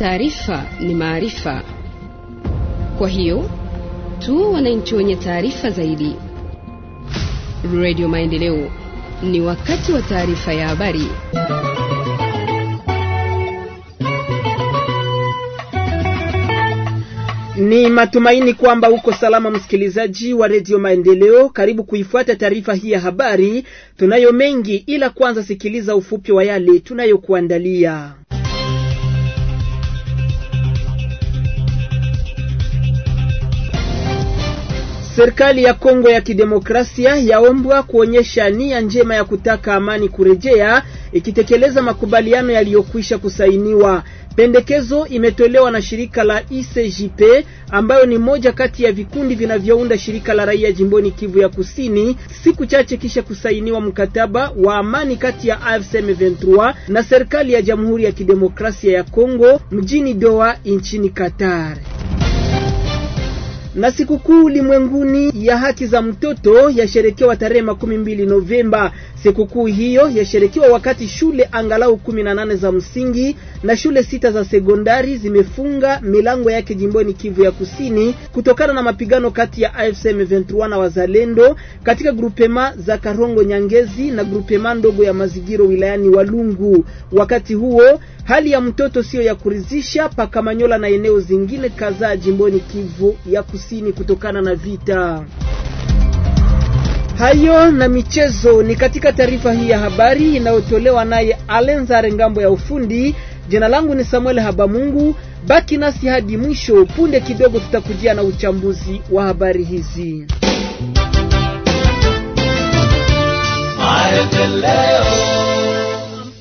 Taarifa ni maarifa, kwa hiyo tu wananchi wenye taarifa zaidi. Radio Maendeleo, ni wakati wa taarifa ya habari. Ni matumaini kwamba uko salama, msikilizaji wa redio Maendeleo. Karibu kuifuata taarifa hii ya habari. Tunayo mengi, ila kwanza sikiliza ufupi wa yale tunayokuandalia. Serikali ya Kongo ya Kidemokrasia yaombwa kuonyesha nia njema ya kutaka amani kurejea ikitekeleza makubaliano yaliyokwisha kusainiwa. Pendekezo imetolewa na shirika la ICJP ambayo ni moja kati ya vikundi vinavyounda shirika la raia jimboni Kivu ya Kusini, siku chache kisha kusainiwa mkataba wa amani kati ya AFC M23 na serikali ya Jamhuri ya Kidemokrasia ya Kongo mjini Doha nchini Qatar. Na sikukuu ulimwenguni ya haki za mtoto yasherekewa tarehe makumi mbili Novemba. Sikukuu hiyo yasherekewa wakati shule angalau kumi na nane za msingi na shule sita za sekondari zimefunga milango yake jimboni Kivu ya Kusini kutokana na mapigano kati ya AFC M23 na wazalendo katika grupema za Karongo Nyangezi na grupema ndogo ya Mazigiro wilayani Walungu. Wakati huo hali ya mtoto siyo ya kuridhisha pa Kamanyola na eneo zingine kadhaa jimboni Kivu ya Kusini. Kusini kutokana na vita. Hayo na michezo ni katika taarifa hii ya habari inayotolewa naye Alenzare ngambo ya ufundi. Jina langu ni Samuel Habamungu. Baki nasi hadi mwisho. Punde kidogo tutakujia na uchambuzi wa habari hizi.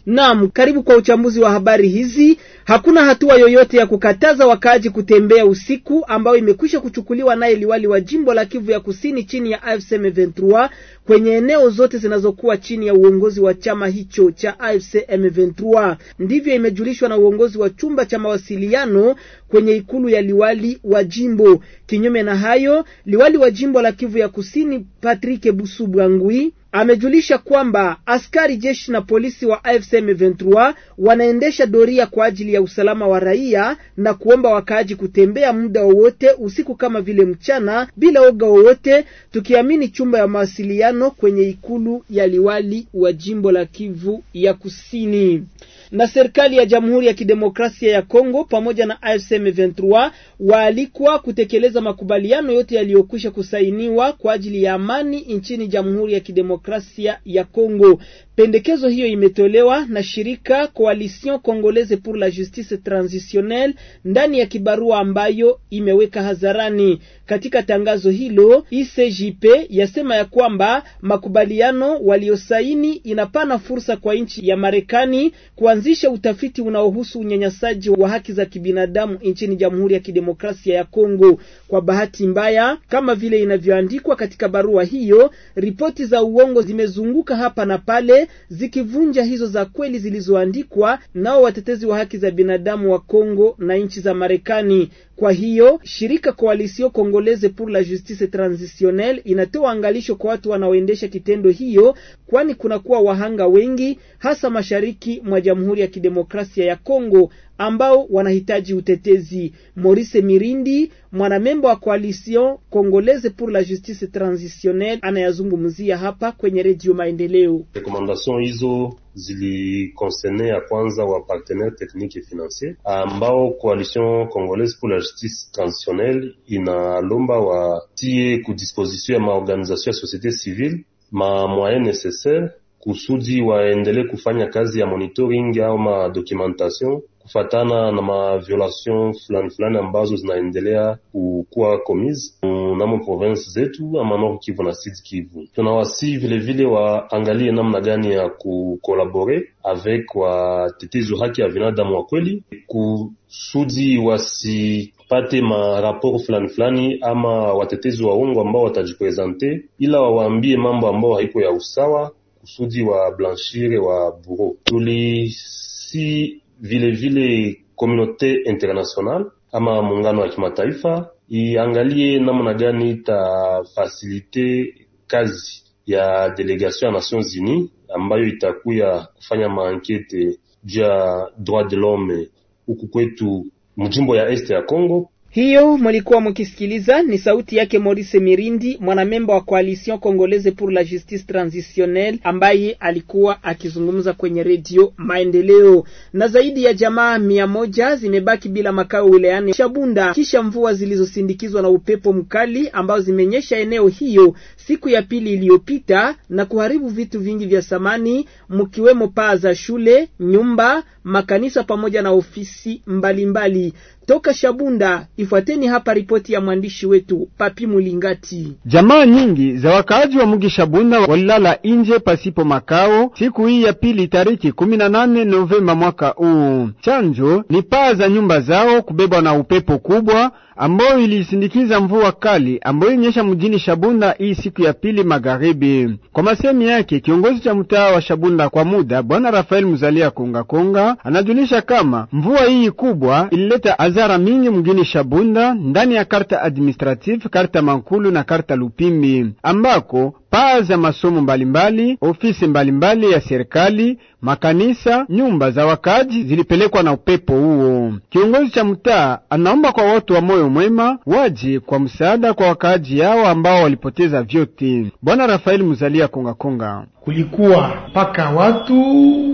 Naam, karibu kwa uchambuzi wa habari hizi. Hakuna hatua yoyote ya kukataza wakaaji kutembea usiku ambayo imekwisha kuchukuliwa naye liwali wa jimbo la Kivu ya Kusini chini ya AFC M23 kwenye eneo zote zinazokuwa chini ya uongozi wa chama hicho cha AFC M23. Ndivyo imejulishwa na uongozi wa chumba cha mawasiliano kwenye ikulu ya liwali wa jimbo. Kinyume na hayo, liwali wa jimbo la Kivu ya Kusini Patrick Busubwangui amejulisha kwamba askari jeshi na polisi wa AFC M23 wanaendesha doria kwa ajili ya ya usalama wa raia na kuomba wakaaji kutembea muda wowote usiku kama vile mchana bila oga wowote, tukiamini chumba ya mawasiliano kwenye ikulu ya liwali wa jimbo la Kivu ya Kusini. Na serikali ya Jamhuri ya Kidemokrasia ya Kongo pamoja na AFC M23 waalikwa kutekeleza makubaliano yote yaliyokwisha kusainiwa kwa ajili ya amani nchini Jamhuri ya Kidemokrasia ya Kongo. Pendekezo hiyo imetolewa na shirika Coalition Congolaise pour la Justice justice transitionnelle ndani ya kibarua ambayo imeweka hadharani katika tangazo hilo ICJP yasema ya kwamba makubaliano waliosaini inapana fursa kwa nchi ya Marekani kuanzisha utafiti unaohusu unyanyasaji wa haki za kibinadamu nchini Jamhuri ya Kidemokrasia ya Kongo. Kwa bahati mbaya, kama vile inavyoandikwa katika barua hiyo, ripoti za uongo zimezunguka hapa na pale zikivunja hizo za kweli zilizoandikwa nao watetezi wa haki za binadamu wa Kongo na nchi za Marekani. Kwa hiyo shirika Koalisio Kongo congolaise pour la justice transitionnelle inatoa angalisho kwa watu wanaoendesha kitendo hiyo, kwani kunakuwa wahanga wengi hasa mashariki mwa Jamhuri ya Kidemokrasia ya Kongo ambao wanahitaji utetezi. Maurice Mirindi, mwanamembo wa Coalition Congolaise pour la Justice Transitionnelle, anayazungumzia hapa kwenye Redio Maendeleo. Rekomandasyon hizo zilikonsene ya kwanza wa partenaire technique et financier ambao Coalition Congolaise pour la Justice Transitionnelle inalomba watie kudisposition ya maorganizasyon ya societe civile ma moyen necessaire kusudi waendelee kufanya kazi ya monitoring au ma documentation kufatana na maviolation fulani fulani ambazo zinaendelea kukuwa komizi mm, namo province zetu ama Nord Kivu na Sud Kivu. Tunawasi vilevile waangalie namna gani ya kukolabore avec watetezi wa haki ya binadamu wa kweli kusudi wasi pate maraporo fulani fulani ama watetezi wa uongo ambao watajipresente, ila wawaambie mambo ambao haiko ya usawa kusudi wa blanchire wa buro Tulisi vilevile komunote international ama muungano wa kimataifa iangalie namna gani itafasilite kazi ya delegation ya Nations Unies ambayo itakuya kufanya maankete juu ya droit de l'homme huku kwetu mjimbo ya este ya Congo hiyo mlikuwa mkisikiliza ni sauti yake Maurice Mirindi, mwanamemba wa Coalition Congolaise pour la Justice Transitionnelle, ambaye alikuwa akizungumza kwenye redio Maendeleo. Na zaidi ya jamaa mia moja zimebaki bila makao wilayani Shabunda kisha mvua zilizosindikizwa na upepo mkali ambao zimenyesha eneo hiyo siku ya pili iliyopita na kuharibu vitu vingi vya samani mkiwemo paa za shule, nyumba, makanisa pamoja na ofisi mbalimbali mbali. Toka Shabunda ifuateni hapa ripoti ya mwandishi wetu Papi Mulingati. Jamaa nyingi za wakaaji wa mugi Shabunda walilala nje pasipo makao siku hii ya pili tariki 18 Novemba mwaka huu. Chanjo ni paa za nyumba zao kubebwa na upepo kubwa ambayo ilisindikiza mvua kali ambayo inyesha mjini Shabunda hii siku siku ya pili magharibi. Kwa masemi yake kiongozi cha mtaa wa Shabunda kwa muda bwana Rafael Muzalia Konga Konga anajulisha kama mvua hii kubwa ilileta azara mingi mgini Shabunda ndani ya karta administrative, karta Mankulu na karta Lupimbi ambako paa za masomo mbalimbali, ofisi mbalimbali ya serikali, makanisa, nyumba za wakaji zilipelekwa na upepo huo. Kiongozi cha mtaa anaomba kwa watu wa moyo mwema waje kwa msaada kwa wakaaji yao ambao walipoteza vyote. Bwana Rafaeli Muzalia kongakonga kulikuwa mpaka watu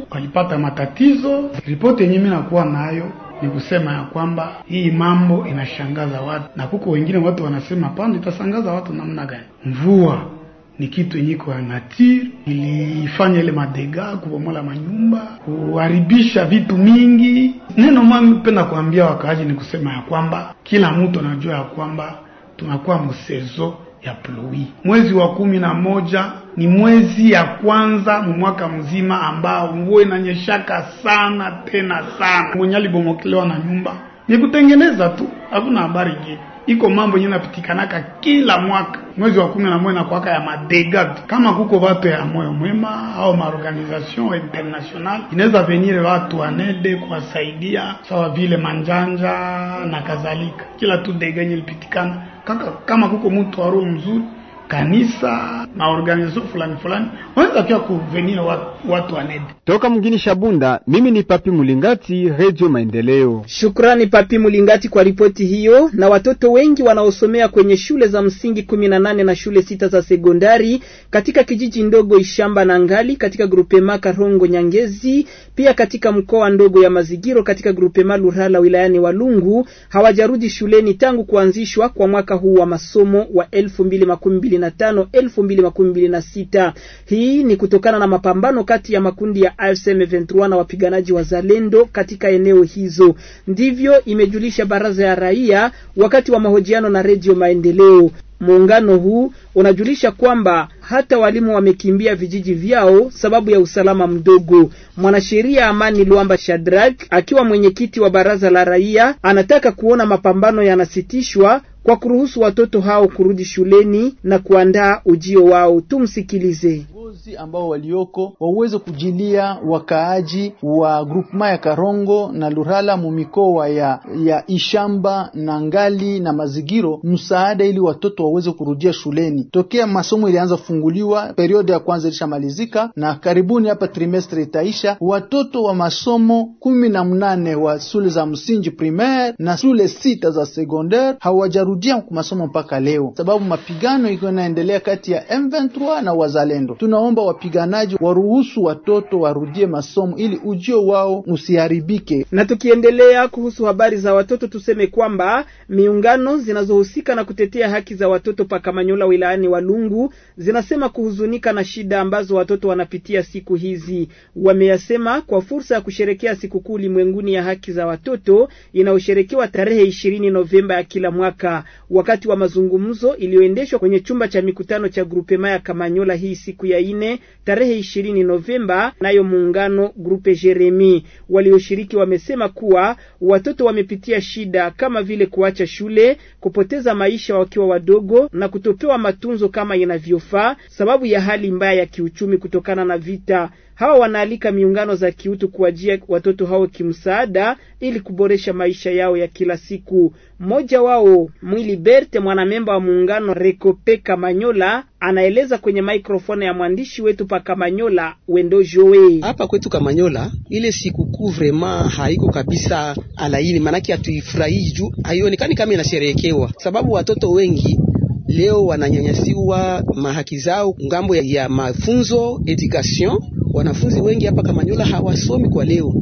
walipata matatizo. Ripoti yenye mimi nakuwa nayo ni kusema ya kwamba hii mambo inashangaza watu, na kuko wengine watu wanasema, pana itasangaza watu namna gani? mvua ni kitu yenye ya nature ilifanya ile madega kubomola manyumba kuharibisha vitu mingi. Neno mami penda kuambia wakaaji ni kusema ya kwamba kila mtu anajua ya kwamba tunakuwa msezo ya pluwi. Mwezi wa kumi na moja ni mwezi ya kwanza mwaka mzima ambao mvua inanyeshaka sana tena sana. Mwenye alibomokelewa na nyumba ni kutengeneza tu, hakuna habari nyingine iko mambo yenye napitikanaka kila mwaka mwezi wa kumi na moja nakwaka ya madegade. Kama kuko watu ya moyo mwema au maorganization international inaweza venire watu wanede kuwasaidia, sawa vile manjanja na kadhalika, kila tu degenye lipitikana Kama kuko mtu wa roho mzuri kanisa na organizo fulani fulani wanatakiwa kuvenia watu wanede toka mgini Shabunda. Mimi ni Papi Mulingati, Radio Maendeleo. Shukrani Papi Mulingati kwa ripoti hiyo. Na watoto wengi wanaosomea kwenye shule za msingi 18 na shule sita za sekondari katika kijiji ndogo Ishamba na Ngali katika grupema Karongo Nyangezi, pia katika mkoa ndogo ya Mazigiro katika grupema Lurala wilayani Walungu hawajarudi shuleni tangu kuanzishwa kwa mwaka huu wa masomo wa 2012 2025 2026. Hii ni kutokana na mapambano kati ya makundi ya AFC M23 na wapiganaji wa Zalendo katika eneo hizo, ndivyo imejulisha baraza ya raia wakati wa mahojiano na Redio Maendeleo. Muungano huu unajulisha kwamba hata walimu wamekimbia vijiji vyao sababu ya usalama mdogo. Mwanasheria Amani Luamba Shadrack akiwa mwenyekiti wa baraza la raia anataka kuona mapambano yanasitishwa kwa kuruhusu watoto hao kurudi shuleni na kuandaa ujio wao. Tumsikilize viongozi ambao walioko waweze kujilia wakaaji wa grupema ya Karongo na Lurala mu mikoa ya, ya Ishamba na Ngali na Mazigiro msaada ili watoto waweze kurudia shuleni. Tokea masomo ilianza kufunguliwa, periode ya kwanza ilishamalizika na karibuni hapa trimestre itaisha. Watoto wa masomo kumi na mnane wa shule za msingi primaire na shule sita za secondaire hawajarudia masomo mpaka leo, sababu mapigano iko inaendelea kati ya M23 na wazalendo Tuna Tunaomba wapiganaji waruhusu watoto warudie masomo ili ujio wao usiharibike. Na tukiendelea kuhusu habari za watoto, tuseme kwamba miungano zinazohusika na kutetea haki za watoto kamanyola wilayani Walungu zinasema kuhuzunika na shida ambazo watoto wanapitia siku hizi. Wameyasema kwa fursa ya kusherekea sikukuu ulimwenguni ya haki za watoto inayosherekewa tarehe ishirini Novemba ya kila mwaka. Wakati wa mazungumzo iliyoendeshwa kwenye chumba cha mikutano cha Grupema ya Kamanyola hii siku ya ine tarehe ishirini Novemba. Nayo muungano Grupe Jeremi walioshiriki wamesema kuwa watoto wamepitia shida kama vile kuacha shule, kupoteza maisha wakiwa wadogo na kutopewa matunzo kama inavyofaa, sababu ya hali mbaya ya kiuchumi kutokana na vita. Hawa wanaalika miungano za kiutu kuajia watoto hao kimsaada ili kuboresha maisha yao ya kila siku. Mmoja wao Mwiliberte, mwanamemba wa muungano Rekope Kamanyola, anaeleza kwenye maikrofoni ya mwandishi wetu pa Kamanyola Wendo Joe. Hapa kwetu Kamanyola ile sikukuu vraiment haiko kabisa alaini, maanake hatuifurahii juu haionekani kama inasherehekewa, sababu watoto wengi leo wananyanyasiwa mahaki zao ngambo ya mafunzo education. Wanafunzi wengi hapa Kamanyola hawasomi kwa leo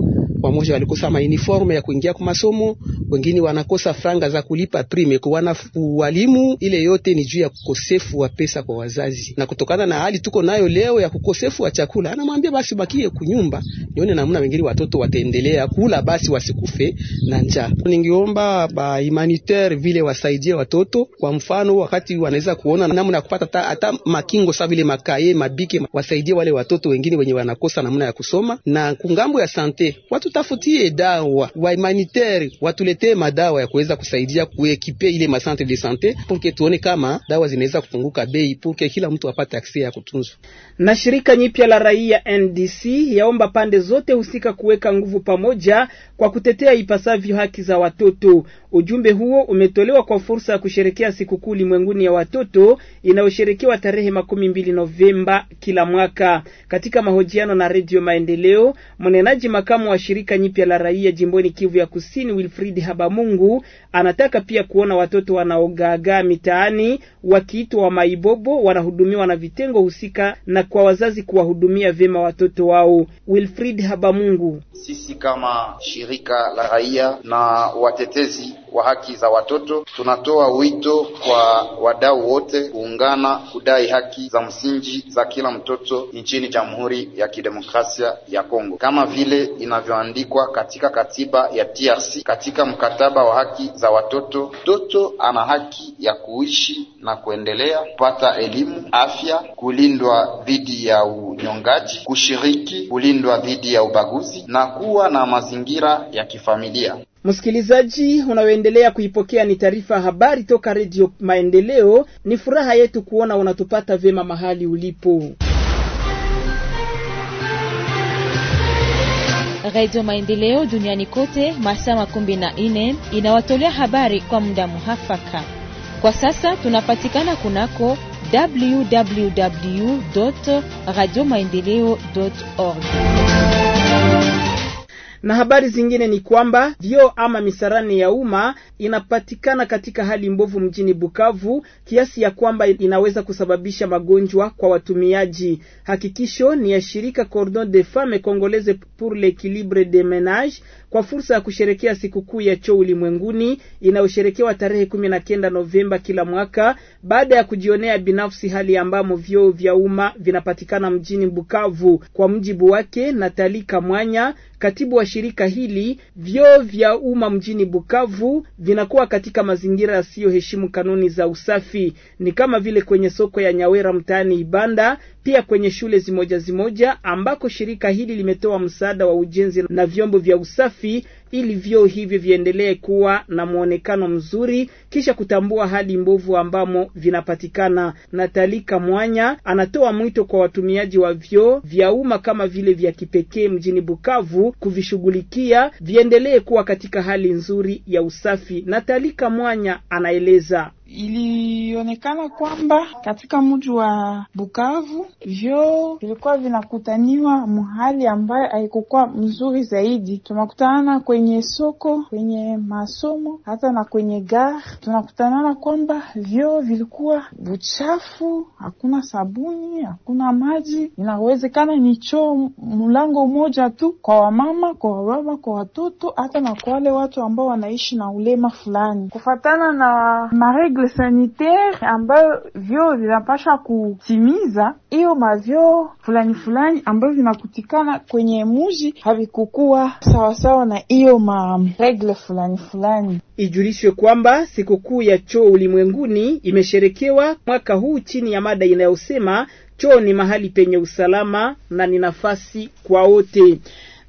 wamoja walikosa mauniforme ya kuingia kwa masomo, wengine wanakosa franga za kulipa prime kwa wana walimu. Ile yote ni juu ya kukosefu wa pesa kwa wazazi, na kutokana na hali tuko nayo leo ya kukosefu wa chakula, anamwambia basi bakie kunyumba, nione namna wengine watoto wataendelea kula, basi wasikufe na njaa. Ningeomba ba humanitaire vile wasaidie watoto, kwa mfano wakati wanaweza kuona namna ya kupata hata makingo sawa vile makaye mabike, wasaidie wale watoto wengine wenye wanakosa namna ya kusoma, na kungambo ya sante watu tutafutie dawa wa humanitaire watuletee madawa ya kuweza kusaidia kuekipe ile masantre de sante purke tuone kama dawa zinaweza kupunguka bei purke kila mtu apate akse ya kutunzwa. Na shirika nyipya la raia NDC yaomba pande zote husika kuweka nguvu pamoja kwa kutetea ipasavyo haki za watoto. Ujumbe huo umetolewa kwa fursa ya kusherekea sikukuu ulimwenguni ya watoto inayosherekewa tarehe makumi mbili Novemba kila mwaka. Katika mahojiano na Radio Maendeleo, mnenaji makamu wa shirika shirika nyipya la raia jimboni Kivu ya Kusini, Wilfrid Habamungu anataka pia kuona watoto wanaogaagaa mitaani wakiitwa wa maibobo wanahudumiwa na vitengo husika na kwa wazazi kuwahudumia vyema watoto wao. Wilfrid Habamungu: sisi kama shirika la raia na watetezi wa haki za watoto tunatoa wito kwa wadau wote kuungana kudai haki za msingi za kila mtoto nchini Jamhuri ya Kidemokrasia ya Kongo kama vile inavyo iliyoandikwa katika katiba ya DRC katika mkataba wa haki za watoto. Mtoto ana haki ya kuishi na kuendelea kupata elimu, afya, kulindwa dhidi ya unyongaji, kushiriki, kulindwa dhidi ya ubaguzi na kuwa na mazingira ya kifamilia. Msikilizaji unaoendelea kuipokea ni taarifa habari toka Redio Maendeleo. Ni furaha yetu kuona unatupata vyema mahali ulipo. Radio Maendeleo duniani kote masaa 14 inawatolea habari kwa muda muhafaka. Kwa sasa tunapatikana kunako www radio maendeleo org na habari zingine ni kwamba vyoo ama misarani ya umma inapatikana katika hali mbovu mjini Bukavu kiasi ya kwamba inaweza kusababisha magonjwa kwa watumiaji. Hakikisho ni ya shirika Cordon de Femme Congolaise pour l'Equilibre des Menages kwa fursa ya kusherekea sikukuu ya choo ulimwenguni inayosherekewa tarehe kumi na kenda Novemba kila mwaka, baada ya kujionea binafsi hali ambamo vyoo vya umma vinapatikana mjini Bukavu. Kwa mjibu wake Natali Kamwanya, katibu wa shirika hili, vyoo vya umma mjini Bukavu vinakuwa katika mazingira yasiyoheshimu kanuni za usafi, ni kama vile kwenye soko ya Nyawera mtaani Ibanda, pia kwenye shule zimoja zimoja ambako shirika hili limetoa msaada wa ujenzi na vyombo vya usafi safi ili vyoo hivyo viendelee kuwa na mwonekano mzuri, kisha kutambua hali mbovu ambamo vinapatikana. Natalika Mwanya anatoa mwito kwa watumiaji wa vyoo vya umma kama vile vya kipekee mjini Bukavu kuvishughulikia, viendelee kuwa katika hali nzuri ya usafi. Natalika Mwanya anaeleza ili ilionekana kwamba katika mji wa Bukavu vyoo vilikuwa vinakutaniwa mahali ambayo haikukuwa mzuri zaidi. tunakutanana kwenye soko, kwenye masomo, hata na kwenye gar tunakutanana kwamba vyoo vilikuwa buchafu, hakuna sabuni, hakuna maji. Inawezekana ni choo mlango mmoja tu kwa wamama, kwa wababa, kwa watoto, hata na kwa wale watu ambao wanaishi na ulema fulani, kufatana na maregle sanitaire ambayo vyo vinapasha kutimiza, hiyo mavyo fulani fulani ambayo vinakutikana kwenye muji havikukuwa sawasawa na hiyo maregle fulani fulani. Ijulishwe kwamba sikukuu ya choo ulimwenguni imesherekewa mwaka huu chini ya mada inayosema choo ni mahali penye usalama na ni nafasi kwa wote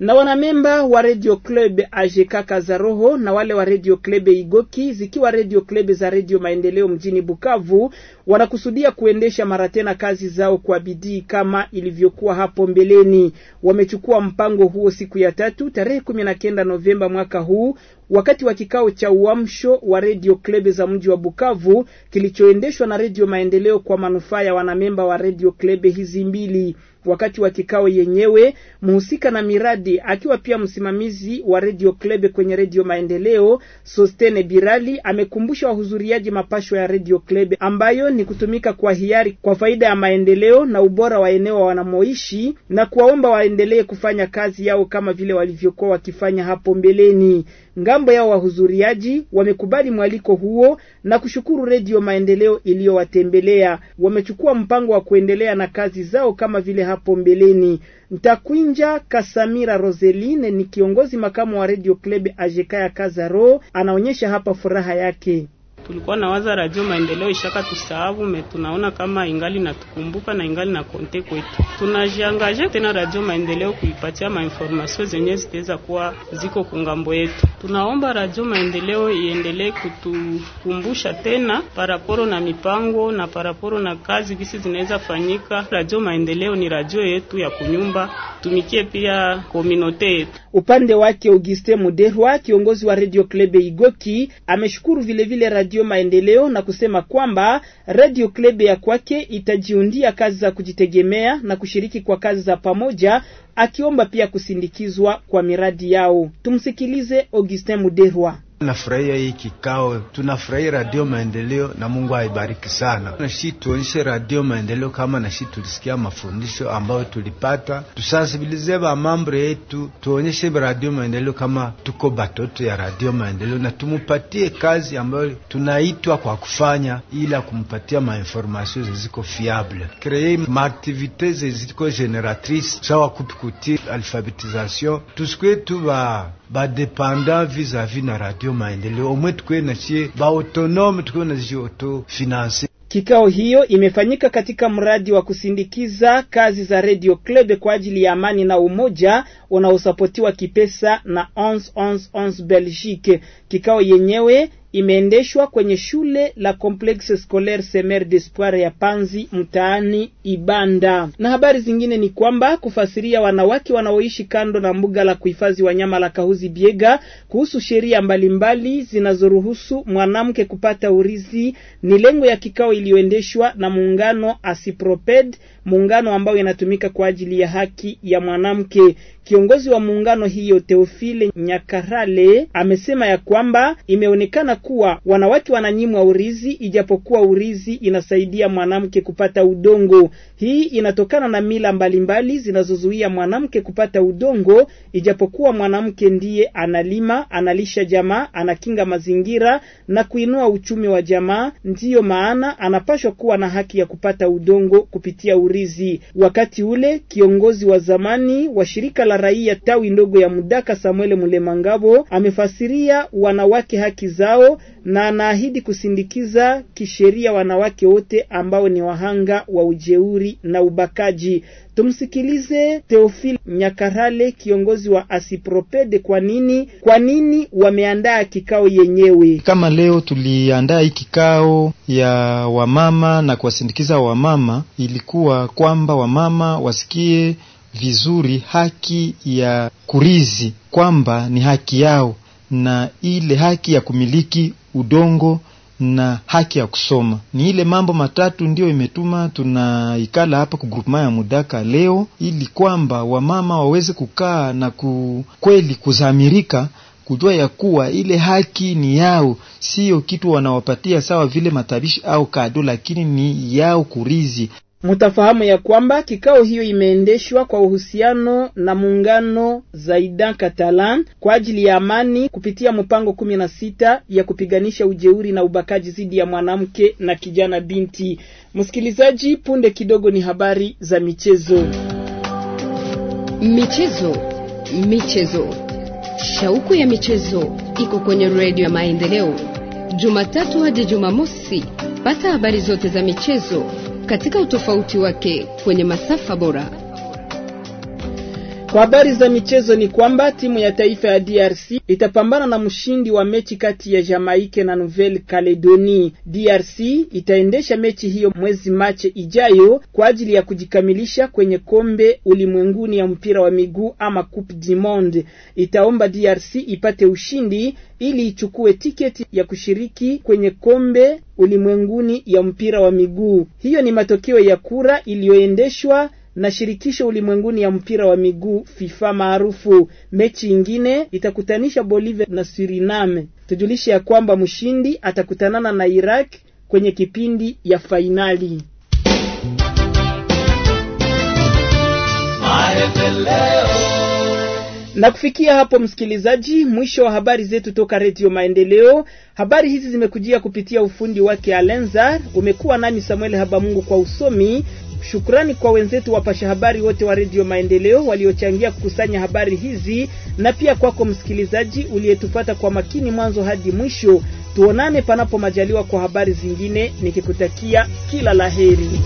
na wanamemba wa Radio Club za Kazaroho na wale wa Radio Club Igoki zikiwa Radio Club za Radio Maendeleo mjini Bukavu wanakusudia kuendesha mara tena kazi zao kwa bidii kama ilivyokuwa hapo mbeleni. Wamechukua mpango huo siku ya tatu tarehe 19 Novemba mwaka huu wakati wa kikao cha uamsho wa Radio Club za mji wa Bukavu kilichoendeshwa na Radio Maendeleo kwa manufaa ya wanamemba wa Radio Club hizi mbili. Wakati wa kikao yenyewe, mhusika na miradi akiwa pia msimamizi wa Radio Club kwenye Radio Maendeleo, Sostene Birali amekumbusha wahudhuriaji mapasho ya Radio Club ambayo ni kutumika kwa hiari kwa faida ya maendeleo na ubora wa eneo wanamoishi na kuwaomba waendelee kufanya kazi yao kama vile walivyokuwa wakifanya hapo mbeleni. Ngambo yao wahudhuriaji wamekubali mwaliko huo na kushukuru Redio Maendeleo iliyowatembelea. Wamechukua mpango wa kuendelea na kazi zao kama vile hapo mbeleni. Mtakwinja Kasamira Roseline ni kiongozi makamu wa Radio Club Ajeka ya Kazaro, anaonyesha hapa furaha yake tulikuwa na waza radio maendeleo ishaka tusahau, me tunaona kama ingali natukumbuka na ingali na konte kwetu. Tunajiangaje tena radio maendeleo kuipatia mainformasio zenye zitaweza kuwa ziko kungambo yetu. Tunaomba radio maendeleo iendelee kutukumbusha tena paraporo na mipango na paraporo na kazi visi zinaweza fanyika. Radio maendeleo ni radio yetu ya kunyumba, tumikie pia kominote yetu. Upande wake Auguste Muderwa, kiongozi wa Radio Klebe Igoki, ameshukuru vilevile radio Redio Maendeleo na kusema kwamba Redio Klebe ya kwake itajiundia kazi za kujitegemea na kushiriki kwa kazi za pamoja, akiomba pia kusindikizwa kwa miradi yao. Tumsikilize Augustin Muderwa. Nafurahia hii kikao, tunafurahia Radio Maendeleo na Mungu aibariki sana. Nashi tuonyeshe Radio Maendeleo kama nashi tulisikia mafundisho ambayo tulipata, tusasibilize ba mambo yetu, tuonyeshe Radio Maendeleo kama tuko batoto ya Radio Maendeleo na tumupatie kazi ambayo tunaitwa kwa kufanya, ila kumpatia mainformasio zeziko fiable, kree maaktivite zeziko generatrice sawa kupikuti alfabetization, tusikwetu ba badependa vis-a-vis na Radio Maendeleo, omwe tukwe nasie baautonome tukwe nazijiotofinanse. Kikao hiyo imefanyika katika mradi wa kusindikiza kazi za Radio Club kwa ajili ya amani na umoja unaosapotiwa kipesa na Ons Ons Ons Belgique. Kikao yenyewe imeendeshwa kwenye shule la Complexe Scolaire Semer d'Espoir ya Panzi mtaani Ibanda. Na habari zingine ni kwamba kufasiria wanawake wanaoishi kando na mbuga la kuhifadhi wanyama la Kahuzi Biega kuhusu sheria mbalimbali zinazoruhusu mwanamke kupata urithi ni lengo ya kikao iliyoendeshwa na muungano Asiproped, muungano ambao inatumika kwa ajili ya haki ya mwanamke. Kiongozi wa muungano hiyo Teofile Nyakarale amesema ya kwamba imeonekana kuwa wanawake wananyimwa urizi, ijapokuwa urizi inasaidia mwanamke kupata udongo. Hii inatokana na mila mbalimbali zinazozuia mwanamke kupata udongo, ijapokuwa mwanamke ndiye analima, analisha jamaa, anakinga mazingira na kuinua uchumi wa jamaa. Ndiyo maana anapashwa kuwa na haki ya kupata udongo kupitia urizi. Wakati ule kiongozi wa zamani wa shirika la raia tawi ndogo ya Mudaka, Samuel Mulemangabo amefasiria wanawake haki zao na anaahidi kusindikiza kisheria wanawake wote ambao ni wahanga wa ujeuri na ubakaji. Tumsikilize Theophile Nyakarale, kiongozi wa Asipropede. Kwa nini kwa nini wameandaa kikao yenyewe? Kama leo tuliandaa hii kikao ya wamama na kuwasindikiza wamama, ilikuwa kwamba wamama wasikie vizuri haki ya kurizi kwamba ni haki yao na ile haki ya kumiliki udongo na haki ya kusoma. Ni ile mambo matatu ndiyo imetuma tunaikala hapa ku groupement ya Mudaka leo, ili kwamba wamama waweze kukaa na kweli kuzamirika kujua ya kuwa ile haki ni yao, sio kitu wanawapatia sawa vile matabishi au kado, lakini ni yao kurizi. Mutafahamu ya kwamba kikao hiyo imeendeshwa kwa uhusiano na muungano Zaidan Catalan kwa ajili ya amani kupitia mpango kumi na sita ya kupiganisha ujeuri na ubakaji dhidi ya mwanamke na kijana binti. Msikilizaji, punde kidogo ni habari za michezo. Michezo, michezo, shauku ya michezo iko kwenye redio ya Maendeleo, Jumatatu hadi Jumamosi. Pata habari zote za michezo katika utofauti wake kwenye masafa bora. Kwa habari za michezo ni kwamba timu ya taifa ya DRC itapambana na mshindi wa mechi kati ya Jamaike na Nouvelle Caledonie. DRC itaendesha mechi hiyo mwezi Machi ijayo kwa ajili ya kujikamilisha kwenye kombe ulimwenguni ya mpira wa miguu ama Coupe du Monde. Itaomba DRC ipate ushindi ili ichukue tiketi ya kushiriki kwenye kombe ulimwenguni ya mpira wa miguu. Hiyo ni matokeo ya kura iliyoendeshwa na shirikisho ulimwenguni ya mpira wa miguu FIFA maarufu. Mechi ingine itakutanisha Bolivia na Suriname. Tujulishe ya kwamba mshindi atakutanana na Iraq kwenye kipindi ya fainali. Na kufikia hapo, msikilizaji, mwisho wa habari zetu toka Redio Maendeleo. Habari hizi zimekujia kupitia ufundi wake Alenzar. Umekuwa nami Samuel Habamungu kwa usomi Shukrani kwa wenzetu wapasha habari wote wa Redio Maendeleo waliochangia kukusanya habari hizi, na pia kwako msikilizaji uliyetufata kwa makini mwanzo hadi mwisho. Tuonane panapo majaliwa kwa habari zingine, nikikutakia kila laheri.